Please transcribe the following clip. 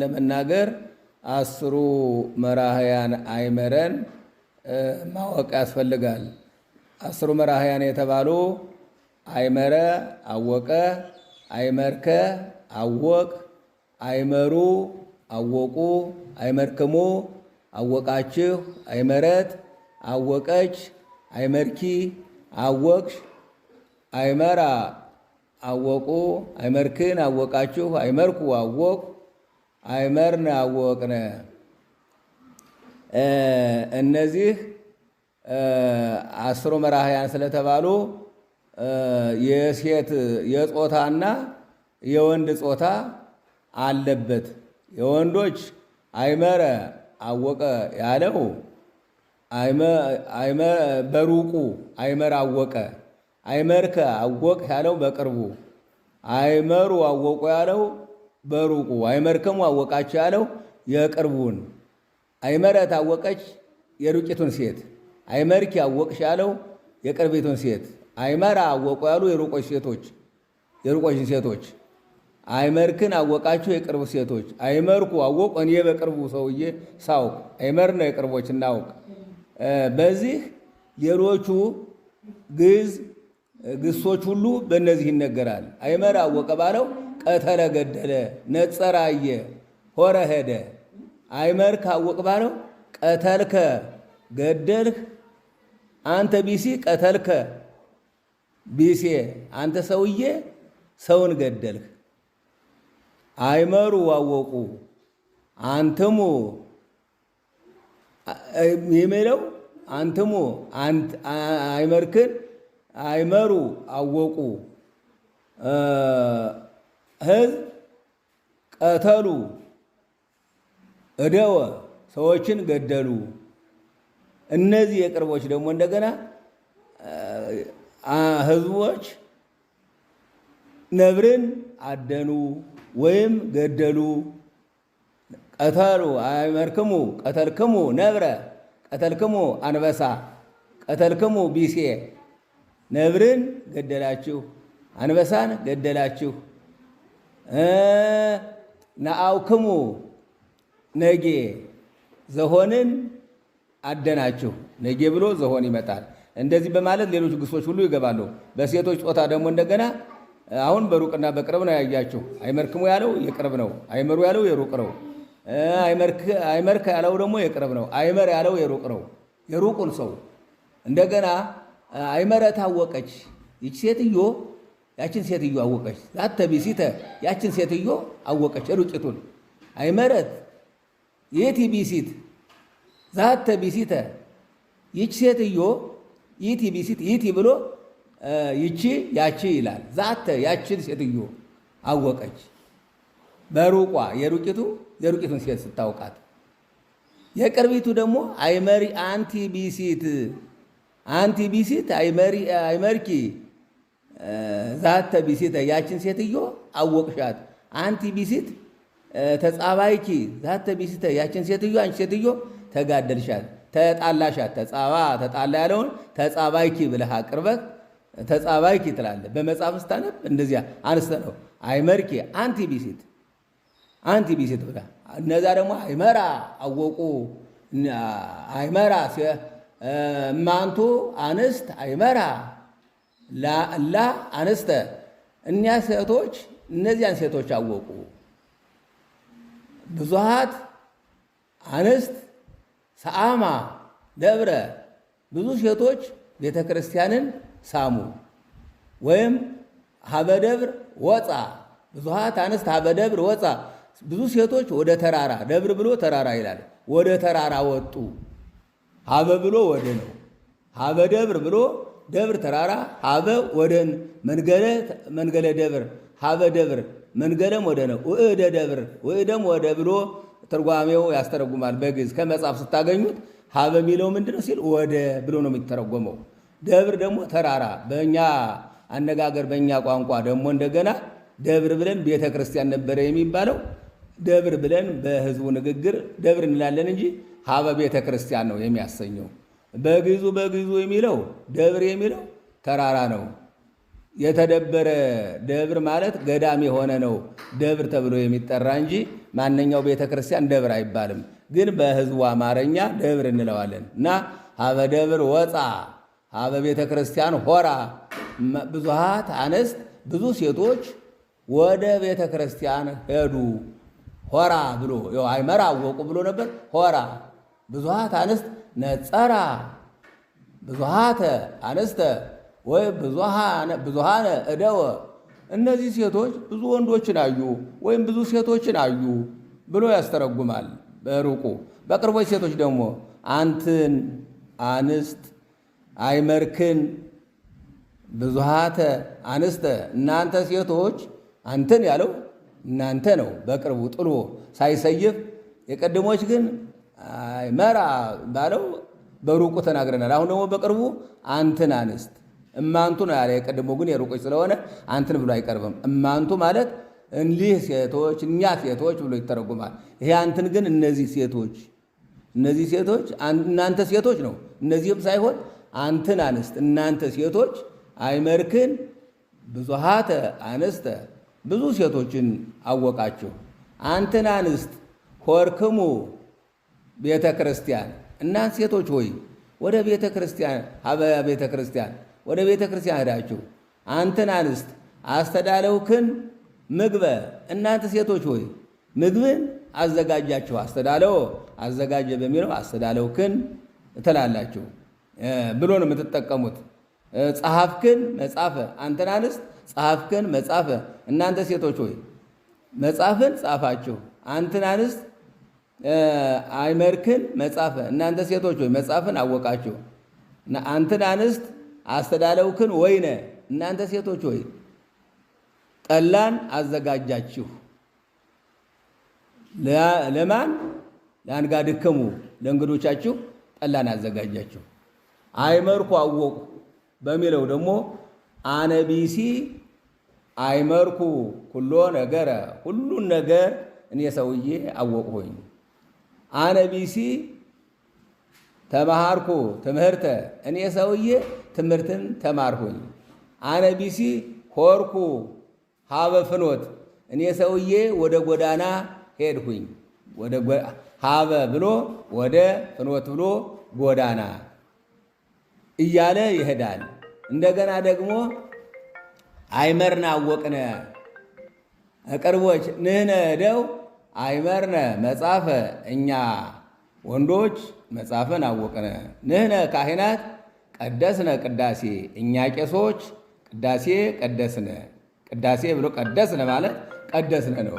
ለመናገር አስሩ መራህያን አይመረን ማወቅ ያስፈልጋል። አስሩ መራህያን የተባሉ አይመረ አወቀ፣ አይመርከ አወቅ፣ አይመሩ አወቁ፣ አይመርክሙ አወቃችሁ፣ አይመረት አወቀች፣ አይመርኪ አወቅሽ፣ አይመራ አወቁ፣ አይመርክን አወቃችሁ፣ አይመርኩ አወቅ አይመርነ አወቅነ። እነዚህ አስሩ መራህያን ስለተባሉ የሴት የጾታና የወንድ ጾታ አለበት። የወንዶች አይመረ አወቀ ያለው በሩቁ አይመር አወቀ፣ አይመርከ አወቅ ያለው በቅርቡ፣ አይመሩ አወቁ ያለው በሩቁ አይመርከሙ አወቃቸው ያለው የቅርቡን አይመረት አወቀች የሩቂቱን ሴት አይመርክ አወቅሽ ያለው የቅርቢቱን ሴት አይመራ አወቁ ያሉ የሩቆች ሴቶች የሩቆችን ሴቶች አይመርክን አወቃችሁ የቅርቡ ሴቶች አይመርኩ አወቁ እኔ በቅርቡ ሰውዬ ሳውቅ አይመር ነው የቅርቦች እናውቅ። በዚህ ሌሎቹ ግዝ ግሶች ሁሉ በእነዚህ ይነገራል። አይመር አወቀ ባለው ቀተረ ገደለ ነጸራየ ሆረ ሄደ አይመር ካወቅ ባለው ቀተልከ ገደልህ አንተ ቢሲ ቀተልከ ቢሴ አንተ ሰውዬ ሰውን ገደልህ። አይመሩ ዋወቁ አንትሙ የሚለው አንትሙ አይመርክን አይመሩ አወቁ ህዝብ ቀተሉ እደወ ሰዎችን ገደሉ። እነዚህ የቅርቦች ደግሞ እንደገና ህዝቦች ነብርን አደኑ ወይም ገደሉ። ቀተሉ አይመርክሙ ቀተልክሙ ነብረ ቀተልክሙ አንበሳ ቀተልክሙ ቢሴ ነብርን ገደላችሁ፣ አንበሳን ገደላችሁ። ነአውክሙ ነጌ ዘሆንን አደናችሁ። ነጌ ብሎ ዘሆን ይመጣል። እንደዚህ በማለት ሌሎች ግሶች ሁሉ ይገባሉ። በሴቶች ጾታ ደግሞ እንደገና አሁን በሩቅና በቅርብ ነው ያያችሁ። አይመርክሙ ያለው የቅርብ ነው። አይመሩ ያለው የሩቅ ነው። አይመርክ ያለው ደግሞ የቅርብ ነው። አይመር ያለው የሩቅ ነው። የሩቁን ሰው እንደገና አይመረ ታወቀች ይች ሴትዮ ያችን ሴትዮ አወቀች። ዛተ ቢሲተ ያችን ሴትዮ አወቀች ሩጭቱን አይመረት ይእቲ ቢሲት ዛተ ቢሲተ ይቺ ሴትዮ ይቲ ቢሲት ይቲ ብሎ ይቺ ያቺ ይላል። ዛተ ያችን ሴትዮ አወቀች በሩቋ የሩቂቱ የሩቂቱን ሴት ስታውቃት የቅርቢቱ ደግሞ አይመሪ አንቲ ቢሲት አንቲ ቢሲት አይመሪ አይመርኪ ዛተ ቢሲተ ያችን ሴትዮ አወቅሻት። አንቲ ቢሲት ተጻባይኪ ዛተ ቢሲተ ያችን ሴትዮ አንቺ ሴትዮ ተጋደልሻት፣ ተጣላሻት። ተጻባ ተጣላ ያለውን ተጻባይኪ ብለህ አቅርበት። ተጻባይኪ ትላለህ። በመጽሐፍ ስታነብ እንደዚያ አንስተ ነው። አይመርኪ አንቲ ቢሲት አንቲ ቢሲት ብላ እነዛ ደግሞ አይመራ አወቁ አይመራ ማንቱ አንስት አይመራ ላላ አንስተ እኒያ ሴቶች እነዚያን ሴቶች አወቁ። ብዙሃት አንስት ሰአማ ደብረ ብዙ ሴቶች ቤተ ክርስቲያንን ሳሙ። ወይም ሀበደብር ወፃ ብዙሃት አንስት ሀበደብር ወፃ ብዙ ሴቶች ወደ ተራራ ደብር ብሎ ተራራ ይላል። ወደ ተራራ ወጡ። ሀበ ብሎ ወደ ነው። ሀበደብር ብሎ ደብር ተራራ ሀበ ወደን መንገለ ደብር ሀበ ደብር መንገለም ወደነ ውእደ ደብር ውእደም ወደ ብሎ ትርጓሜው ያስተረጉማል። በግዕዝ ከመጽሐፍ ስታገኙት ሀበ የሚለው ምንድነው ሲል ወደ ብሎ ነው የሚተረጎመው። ደብር ደግሞ ተራራ፣ በእኛ አነጋገር በእኛ ቋንቋ ደግሞ እንደገና ደብር ብለን ቤተ ክርስቲያን ነበረ የሚባለው። ደብር ብለን በህዝቡ ንግግር ደብር እንላለን እንጂ ሀበ ቤተ ክርስቲያን ነው የሚያሰኘው። በግዙ በግዙ የሚለው ደብር የሚለው ተራራ ነው። የተደበረ ደብር ማለት ገዳም የሆነ ነው ደብር ተብሎ የሚጠራ እንጂ ማንኛው ቤተ ክርስቲያን ደብር አይባልም። ግን በህዝቡ አማርኛ ደብር እንለዋለን እና ሀበ ደብር ወፃ ሀበ ቤተ ክርስቲያን ሆራ ብዙሃት አነስት ብዙ ሴቶች ወደ ቤተ ክርስቲያን ሄዱ። ሆራ ብሎ አይመራ አወቁ ብሎ ነበር። ሆራ ብዙሃት አነስት ነጸራ ብዙሃተ አነስተ ወይ ብዙሃነ እደወ እነዚህ ሴቶች ብዙ ወንዶችን አዩ ወይም ብዙ ሴቶችን አዩ ብሎ ያስተረጉማል። በሩቁ በቅርቦች ሴቶች ደግሞ አንትን አንስት አይመርክን ብዙሃተ አንስተ እናንተ ሴቶች አንትን ያለው እናንተ ነው። በቅርቡ ጥሎ ሳይሰይፍ የቀድሞች ግን መራ ባለው በሩቁ ተናግረናል። አሁን ደግሞ በቅርቡ አንትን አንስት እማንቱ ነው ያለ። የቀድሞ ግን የሩቆች ስለሆነ አንትን ብሎ አይቀርብም። እማንቱ ማለት እንዲህ ሴቶች፣ እኛ ሴቶች ብሎ ይተረጉማል። ይሄ አንትን ግን እነዚህ ሴቶች እነዚህ ሴቶች እናንተ ሴቶች ነው። እነዚህም ሳይሆን አንትን አንስት እናንተ ሴቶች አይመርክን ብዙሃተ አንስተ ብዙ ሴቶችን አወቃችሁ። አንትን አንስት ሆርክሙ ቤተ ክርስቲያን። እናንት ሴቶች ሆይ ወደ ቤተ ክርስቲያን ሀበያ ቤተ ክርስቲያን ወደ ቤተ ክርስቲያን ሄዳችሁ አንተን አንስት አስተዳለውክን ምግበ እናንተ ሴቶች ሆይ ምግብን አዘጋጃችሁ አስተዳለው አዘጋጀ በሚለው አስተዳለውክን ትላላችሁ ብሎ ነው የምትጠቀሙት። ጸሐፍክን መጻፈ አንተን አንስት ጸሐፍክን መጻፈ እናንተ ሴቶች ሆይ መጻፍን ጻፋችሁ አንተን አንስት አይመርክን መጻፈ እናንተ ሴቶች ሆይ መጻፍን አወቃችሁ። አንትን አንስት አስተዳለውክን ወይነ እናንተ ሴቶች ሆይ ጠላን አዘጋጃችሁ። ለማን ለአንጋድክሙ ለእንግዶቻችሁ ጠላን አዘጋጃችሁ። አይመርኩ አወቁ በሚለው ደግሞ አነቢሲ አይመርኩ ኩሎ ነገረ ሁሉን ነገር እኔ ሰውዬ አወቅሁኝ። አነ ቢሲ ተማሃርኩ ትምህርተ፣ እኔ ሰውዬ ትምህርትን ተማርኩኝ። አነ ቢሲ ሆርኩ ሀበ ፍኖት፣ እኔ ሰውዬ ወደ ጎዳና ሄድኩኝ። ሀበ ብሎ ወደ ፍኖት ብሎ ጎዳና እያለ ይሄዳል። እንደገና ደግሞ አይመርና አወቅነ ቅርቦች ንህነ ደው አይመርነ መጻፈ እኛ ወንዶች መጻፈን አወቅነ ንህነ ካህናት ቀደስነ ቅዳሴ እኛ ቄሶች ቅዳሴ ቀደስነ። ቅዳሴ ብሎ ቀደስነ ማለት ቀደስነ ነው።